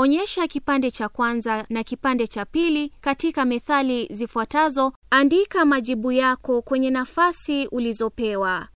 Onyesha kipande cha kwanza na kipande cha pili katika methali zifuatazo. Andika majibu yako kwenye nafasi ulizopewa.